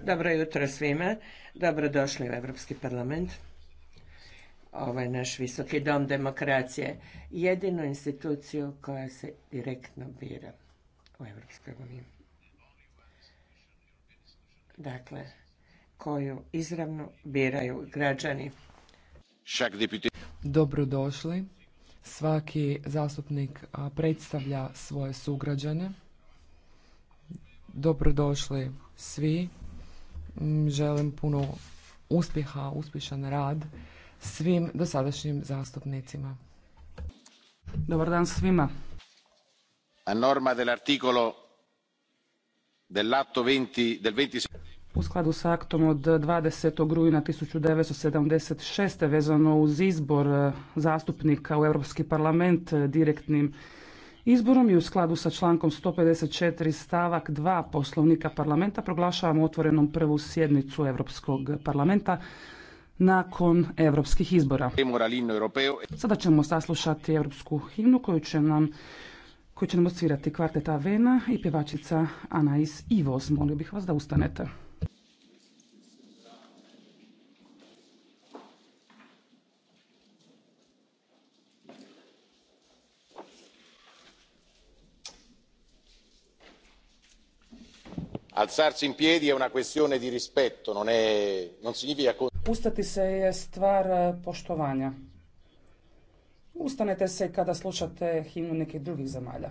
Dobro jutro svima. Dobrodošli u Europski parlament. Ovo je naš visoki dom demokracije. Jedinu instituciju koja se direktno bira u Europskoj uniji. Dakle, koju izravno biraju građani. Dobrodošli. Svaki zastupnik predstavlja svoje sugrađane Dobrodošli svi. Mm, želim puno uspjeha, uspješan rad svim dosadašnjim zastupnicima. Dobar dan svima. A norma del dell'atto 20 del 20 u skladu s aktom od 20. rujna 1976. vezano uz izbor eh, zastupnika u Europski parlament eh, direktnim izborom i u skladu sa člankom 154 stavak 2 poslovnika parlamenta proglašavamo otvorenom prvu sjednicu Europskog parlamenta nakon europskih izbora. Sada ćemo saslušati europsku himnu koju će nam koju će nam osvirati kvarteta Vena i pjevačica Anais Ivos. Molio bih vas da ustanete. alzarsi in piedi è una questione di rispetto non è non significa Ustati se je stvar eh, poštovanja. Ustanete se kada slušate himnu nekih drugih zemalja.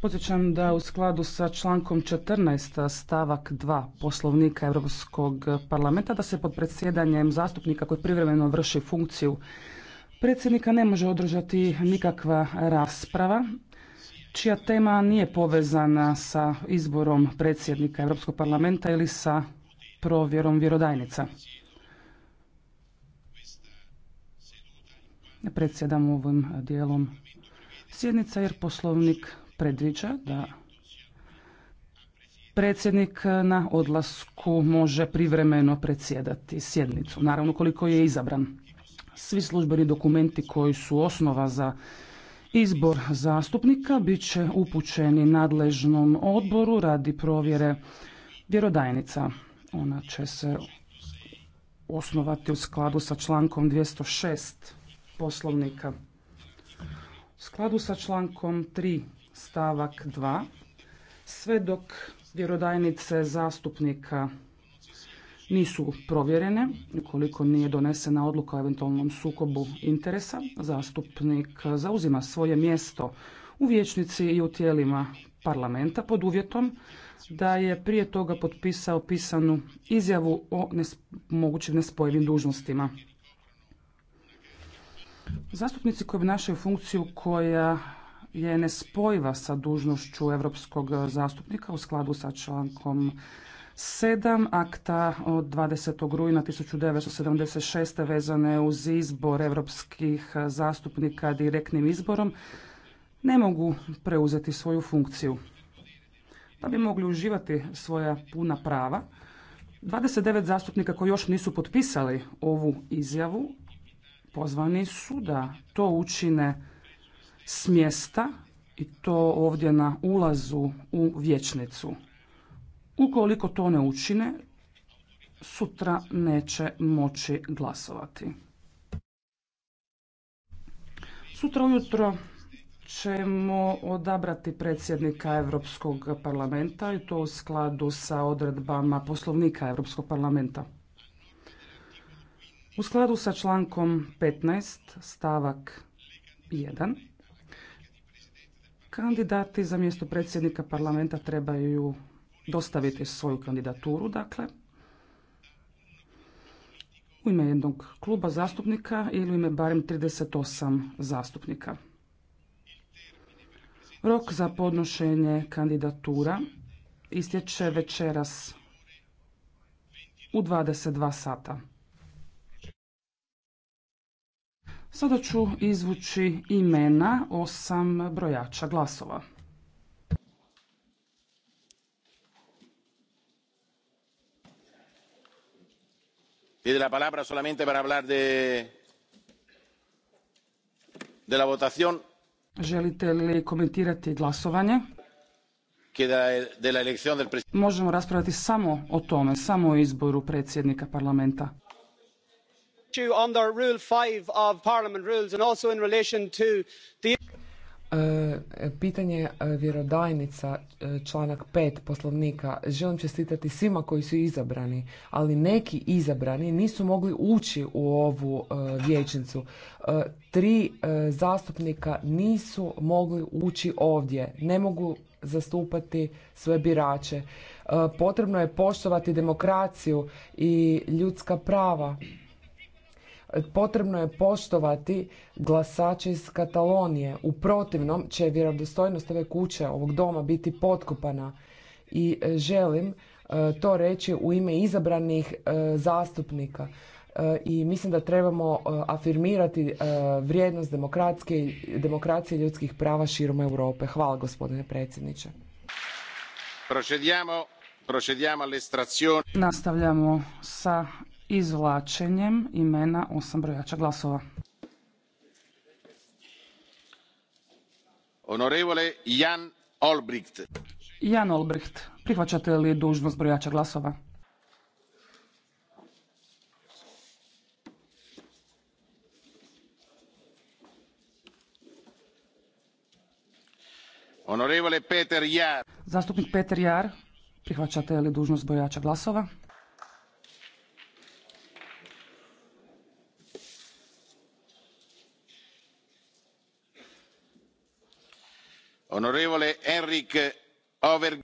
Podsjećam da u skladu sa člankom 14. stavak 2. Poslovnika Europskog parlamenta da se pod predsjedanjem zastupnika koji privremeno vrši funkciju predsjednika ne može održati nikakva rasprava čija tema nije povezana sa izborom predsjednika Europskog parlamenta ili sa provjerom vjerodajnica. Predsjedam ovim dijelom sjednica jer poslovnik predviđa da predsjednik na odlasku može privremeno predsjedati sjednicu, naravno koliko je izabran. Svi službeni dokumenti koji su osnova za izbor zastupnika bit će upućeni nadležnom odboru radi provjere vjerodajnica. Ona će se osnovati u skladu sa člankom 206 poslovnika. U skladu sa člankom 3 stavak 2 sve dok vjerodajnice zastupnika nisu provjerene, ukoliko nije donesena odluka o eventualnom sukobu interesa, zastupnik zauzima svoje mjesto u vijećnici i u tijelima parlamenta pod uvjetom da je prije toga potpisao pisanu izjavu o mogućim nespojivim dužnostima. Zastupnici koji obnašaju funkciju koja je nespojiva sa dužnošću europskog zastupnika u skladu sa člankom 7 akta od 20. rujna 1976. vezane uz izbor europskih zastupnika direktnim izborom ne mogu preuzeti svoju funkciju. Da pa bi mogli uživati svoja puna prava, 29 zastupnika koji još nisu potpisali ovu izjavu pozvani su da to učine s mjesta i to ovdje na ulazu u vječnicu. Ukoliko to ne učine, sutra neće moći glasovati. Sutra ujutro ćemo odabrati predsjednika Europskog parlamenta i to u skladu sa odredbama poslovnika Europskog parlamenta. U skladu sa člankom 15 stavak 1 kandidati za mjesto predsjednika parlamenta trebaju dostaviti svoju kandidaturu, dakle, u ime jednog kluba zastupnika ili u ime barem 38 zastupnika. Rok za podnošenje kandidatura istječe večeras u 22 sata. Sada ću izvući imena osam brojača glasova. Pide la palabra solamente para hablar de, de la votación. Želite li komentirati glasovanje? Možemo raspravljati samo o tome, samo o izboru predsjednika parlamenta rule Pitanje vjerodajnica, članak pet poslovnika. Želim čestitati svima koji su izabrani, ali neki izabrani nisu mogli ući u ovu e, vijećnicu. E, tri e, zastupnika nisu mogli ući ovdje, ne mogu zastupati svoje birače. Potrebno je poštovati demokraciju i ljudska prava potrebno je poštovati glasače iz Katalonije. U protivnom će vjerodostojnost ove kuće, ovog doma biti potkopana i e, želim e, to reći u ime izabranih e, zastupnika i mislim da trebamo afirmirati vrijednost demokratske, demokracije ljudskih prava širom Europe. Hvala gospodine predsjedniče. Procediamo, procediamo Nastavljamo sa izvlačenjem imena osam brojača glasova. Honorevole Jan Olbricht. Jan Olbricht, prihvaćate li dužnost brojača glasova? Honorevole Peter Jar. Zastupnik Peter Jar, prihvaćate li dužnost brojača glasova? Henrik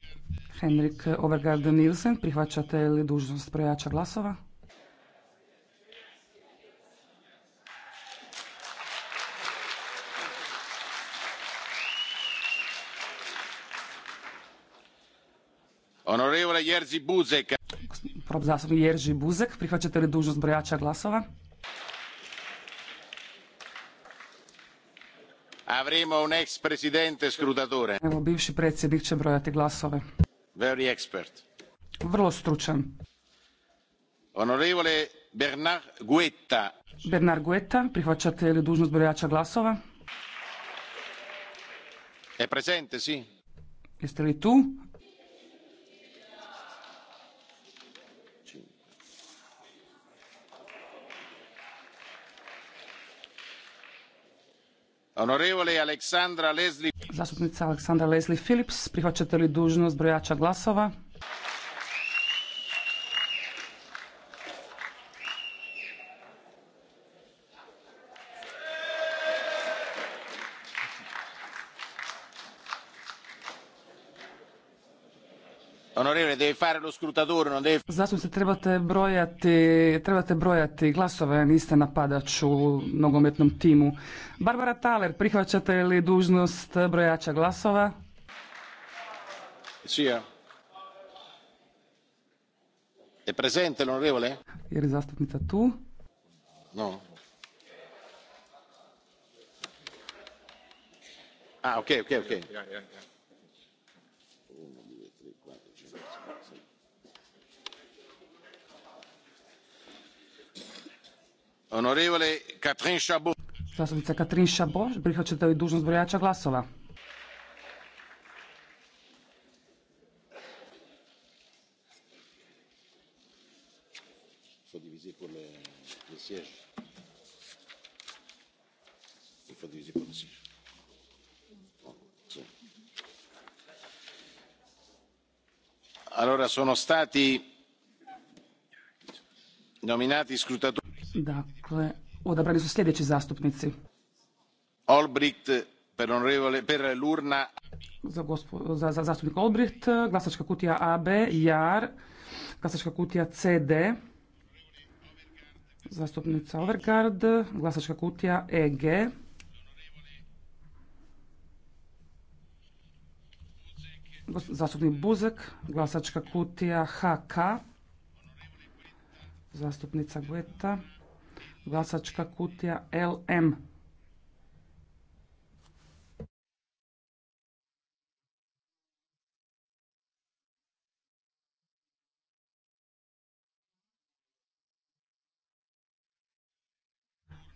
Henrik Overgaard Nielsen, prihvaćate li dužnost brojača glasova? Honorevole Jerzy Buzek. Jerzy Buzek, prihvaćate li dužnost brojača glasova? avremo un ex presidente scrutatore. Evo, bivši predsjednik će brojati glasove. Very expert. Vrlo stručan. Onorevole Bernard Guetta. Bernard Guetta, prihvaćate li dužnost brojača glasova? e presente, sì. Jeste li tu? Zastupnica Aleksandra Leslie Phillips, prihvaćate li dužnost brojača glasova? Zašto se trebate brojati, trebate brojati glasove, niste napadač u nogometnom timu. Barbara Taler, prihvaćate li dužnost brojača glasova? Sija. Je eh. Je li zastupnica tu? No. A, ah, ok, ok. Onorevole Zastupnica Katrin prihvaćate li dužnost brojača glasova? Il faut diviser Allora sono stati nominati scrutatori. Dakle, odabrani su sljedeći zastupnici. Olbricht per onorevole per l'urna za, zastupnik Olbricht, glasačka kutija AB, JAR, glasačka kutija CD, zastupnica Overgard, glasačka kutija EG, Zastupnik Buzek, glasačka kutija HK. Zastupnica Gueta, glasačka kutija LM.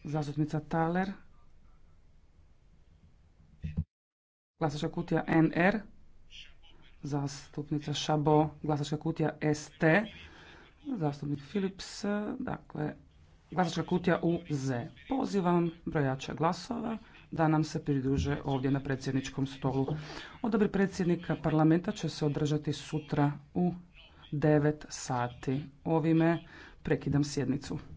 Zastupnica Taler, glasačka kutija NR zastupnica Šabo, glasačka kutija ST, zastupnik Philips, dakle, glasačka kutija u Z. Pozivam brojača glasova da nam se pridruže ovdje na predsjedničkom stolu. Odabri predsjednika parlamenta će se održati sutra u 9 sati. Ovime prekidam sjednicu.